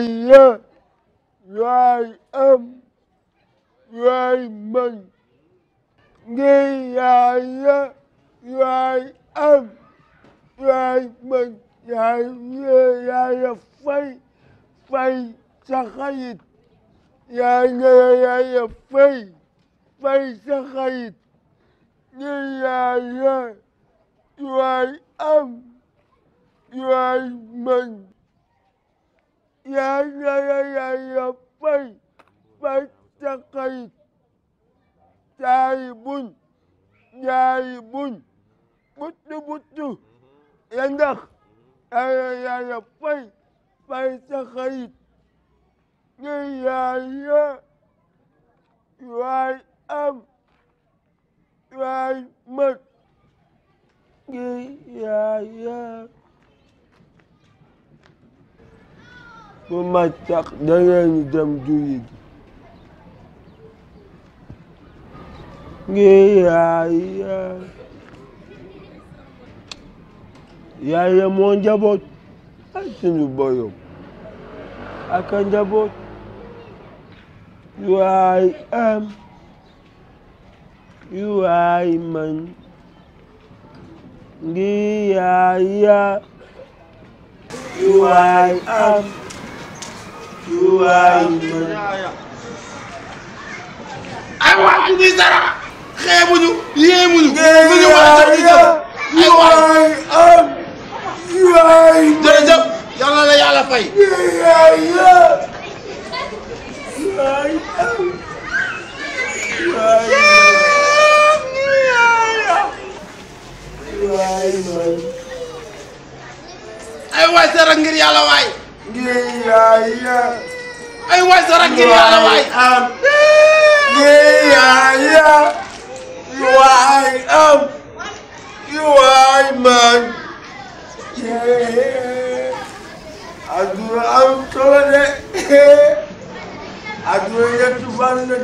yàlla yaay am yaay mën ngir yàlla yaay am yaay mën yàlla fay fay sa xarit yàlla yàlla fay fay sa xarit ngir yàlla yaay am yaay mën يا ربي فاتقيت تايب تايب بط بط يندخ يا ربي فاتقيت يا يا واي أم واي مت يا يا bu ma tax da ngeen dem julli ji ngir yaaya yaaya moo njaboot ak suñu borom ak njaboot yu ay am yu ay man ngir yaaya yu ay am lu waay mën ay waay bi dara xeebuñu yéemuñu lu ñu wax ñu waay am jërëjëf yàlla la yàlla fay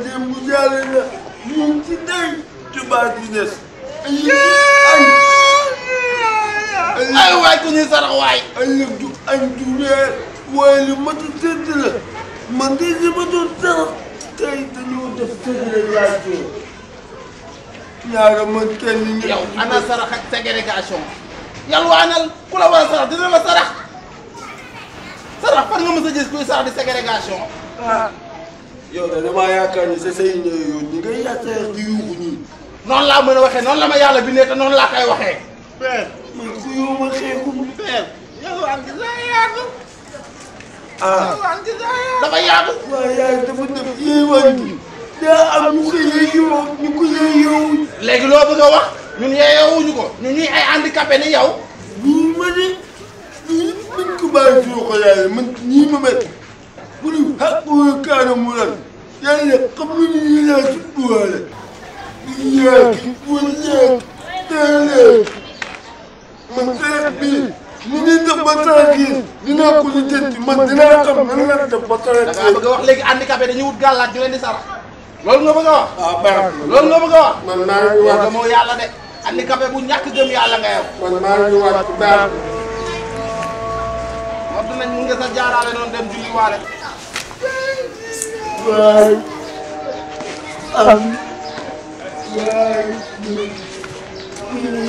dem bu jaale la ñu ci day Touba ci des. ay waay ku ñuy sarax waay. ay la du ay du reer waaye li matu tëdd la man de li ma sarax tey dañoo def ségrégation ñaara man kenn ñu. yow ana sarax ak ségrégation yalwaanal ku la war sarax dina la sarax sarax fan nga mës a gis kuy sarax di ségrégation. Ah. yow de damaa yaakaar ni sa say ñooy ñi ngay yaakaar di yuuxu noonu laa mën a waxee noonu la ma yàlla bindee te noonu laa koy waxee. père man ku yow ma xeexum. père yow ah. am gis naa yaatu. ñu ko yeeyoo ñu ko loo bëgg a wax ñun yeeyoowuñu ko ñun ñuy ay handicapé ni yow. ñii ma ne ñii man ko bàyyi ko yaay man ñii ma mel. bunun hakkını kahramuran. Yani kablını yine tutmuyorlar. İyyâki bullâk tâlâk. Mısâbi ni def ba traité dinaa ko lijjanti man dinaa xam nan la def ba traité. da ngaa bëgg a wax léegi handicapé dañuy wut gàllaaj ñu leen di sarax. loolu nga bëgg a wax. waaw baax na loolu nga bëgg a wax. man maa ngi waat moo yàlla de. handicapé bu ñàkk gëm yàlla nga yow. man maa ngi waat baax. wax dinañ mun nga sa jaaraale noonu dem julli waale. Right. Um. Right. Yeah,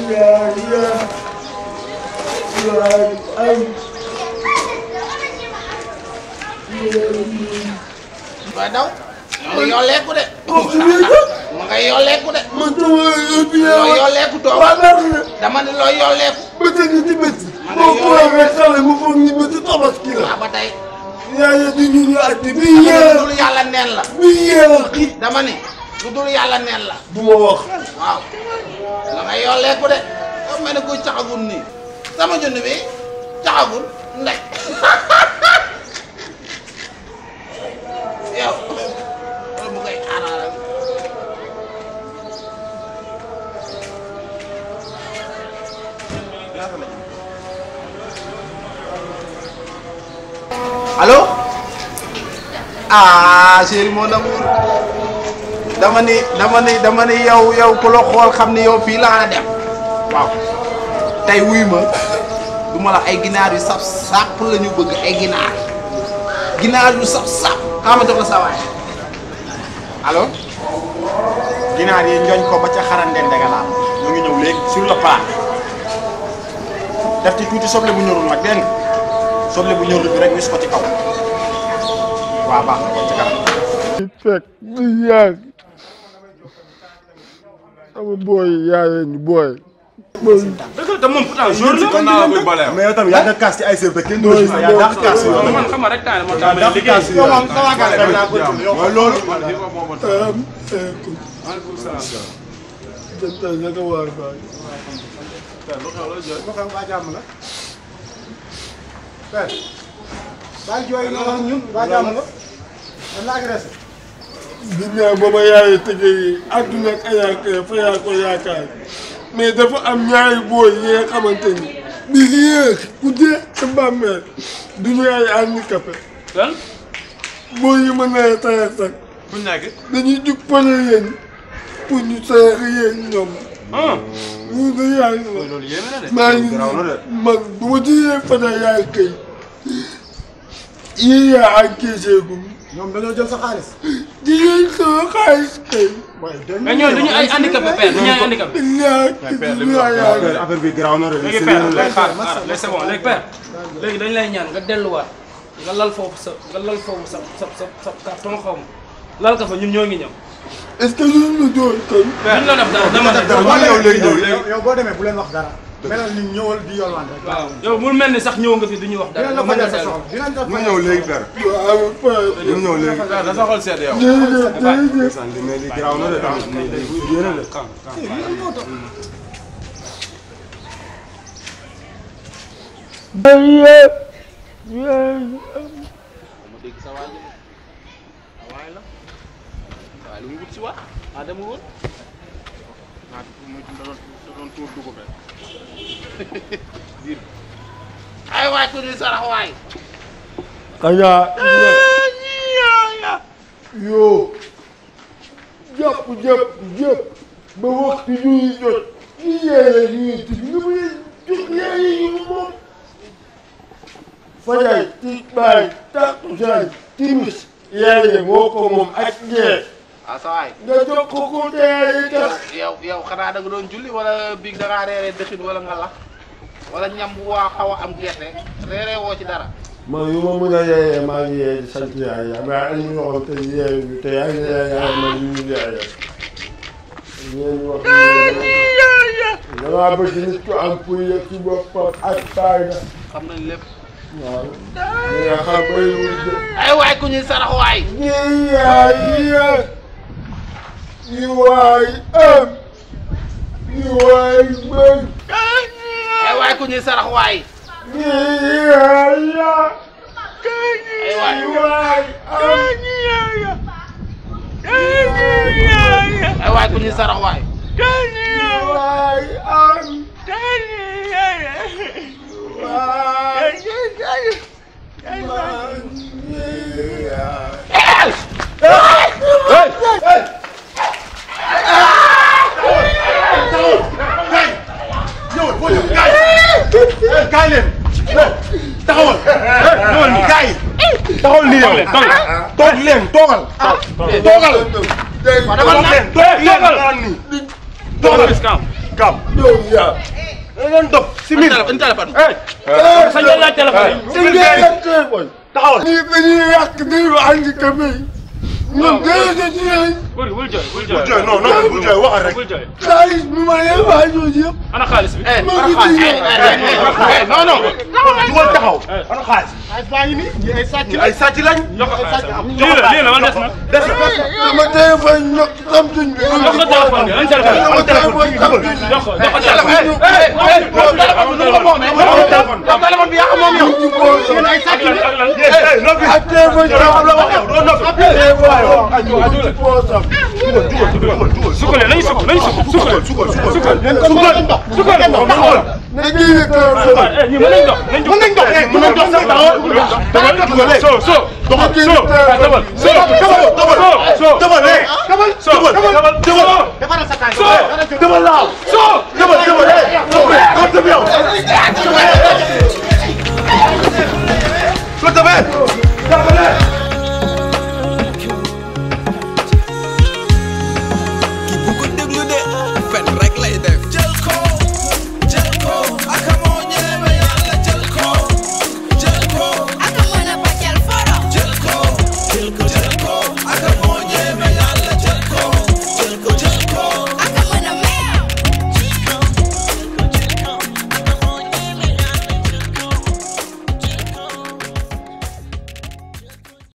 yeah. Right. Um. Ba daw. Mu yolleeku de. Mu oh, nga yolleeku de. Man dama yóbbu yaa. Loo yolleeku toog. Waa nar na. Dama ne loo yolleeku. Bëccëg ci bëccëg. Boo ko waxee xale mu foog ni bëccëg tabaski la. Ba tey. yàlla du ñu ñu àtte bi yéex dul yàlla neen la. bi yéex dama ni lu dul yàlla neen la. bu ma wax. waaw la nga yolleeku de xam nga ne kuy caxagul nii sama jënd bi caxagul ndey. allo ah chéri mon amour dama ni dama ni dama ni yow yow ku la xool xam ni yow fii laa la dem waaw tey wuy ma du la ay ginaar yu saf sàpp la ñu bëgg ay yu saf sàpp xaama jox la sa waay ginaar yi ñooñ ko ba ca xarandeen dagalaam ñu ngi ñëw léegi sur le def ci tuuti soble bu ñorul nag dégg soble bu ñorul bi rek wis ko ci kaw waaw baax na kon ci kanam. fekk bi yaay sama booy yaayee ñu booy. dëgg la te moom pourtant jour la kon naa koy bale mais yow tam yaa nga kaas ci ay sër te kenn du ci yaa dàq kaas yi man xam nga rek taa moo tax may liggéey yow moom sama kaas rek naa ko jël yow loolu jëntal nga ko waar baay lu xew la jël ko xam ba jàmm la waaw. baal jooy ñu wax ñun waa jàmm nga. lan fa yaa ko yaakaar mais dafa am ñaari booy yi xamante ni bii li yéex ku dee sa bàmmeel du ñu ay handicapé. lan. booy yi mën na tayaat ak. buñ dañuy jug pare yéen pour ñu tayaat yéen ñoom. ah. yaay maa ngi man bu ma jiyee Fatick yaay kay yii yaa encaissé gu. ñoom dañoo jël sa xaalis. di jël sa xaalis kay. waaye mais ñooñu duñu ay handicapé père duñu ay handicapé. affaire bi garaaw na de. léegi père lay ñaan nga delluwaat nga lal foofu sa nga lal foofu sa sa sa sa carton xaw ma lal ka fa ñun ñoo ngi ñëw. est-ce que ñun ñu doon kon. mais la def dara dama def dara wala yow léegi ñëw yow boo demee bu leen wax dara. melal ni ñëwal di yolwaan rek. waaw yow mu mel ni sax ñëw nga fi du ñu wax dara. mën na seetlu dinañ la fa ñëw léegi dara. waaw ñu ñëw léegi. da sa xol seet yow. jërëjëf jërëjëf. mais li garaaw na de ah. daal yéen la. béyee. waaye lu mu wut si waat ah demul woon. ah mu doon doon tuur dugub rek. diir ay waay ku ñuy sarax waay. Kaña. yoo. jàpp jàpp jàpp ba waxtu yu jot a moo ko moom ak ñeent. waaw saa waay nga jóg ku teey tax yow yow xanaa da doon julli wala biig da ngaa reeree wala nga la wala ñam waa xaw a am gerte reeree woo ci dara man yu ma mën a maa ngi yeey di sant yaay am ñu waxoon te yeeyuñu te ci boppam ak fayda xam nañ lépp waaw nga xam bay ay waay ku ñuy sarax waay yi yaay ìwà ẹm ìwà ìgbẹ́. ẹ waay ku ñuy sarax waay. ní ìhàyà ìwà ẹm. ẹ waay ku ñuy sarax waay. ìwà leen toog leen toogal. toogal leen toog leen naan nii. toogal kaam. da doon dëpp si miir. dañu téléphone sañoon naa téléphone. taxawal. nii dañuy yàq dañu handicapé yi. ñoom déedéet ci yéen. wul wul jooy wul jooy non non wul jooy waxal rek. xaalis bi ma leen wax jooju yëpp. ana xaalis bi. ana xaalis non non. taxawal taxaw ana xaalis. baa ngi nii ñii ay sàcc lañ ay sàcc lañ. jox ko sàcc am lii la lii la man des na. des na ma téléphone ñoq tam tuñ bi. jox ko téléphone bi lan téléphone bi am téléphone bi dugal. jox ko jox ko téléphone bi. téléphone bi nu ko moom téléphone bi yaa ko moom yow. yéen ay sàcc lañ. ak téléphone jox la wax yow doo noppi. téléphone yow. dugal dugal dugal. sukkale nañu sukk nañu sukk sukkale sukkale sukkale sukkale nañ kii bi toolam soo mën nañ dox mën nañ dox mën nañ dox sax doxal soo soo doxal soo doxal soo doxal soo doxal soo doxal soo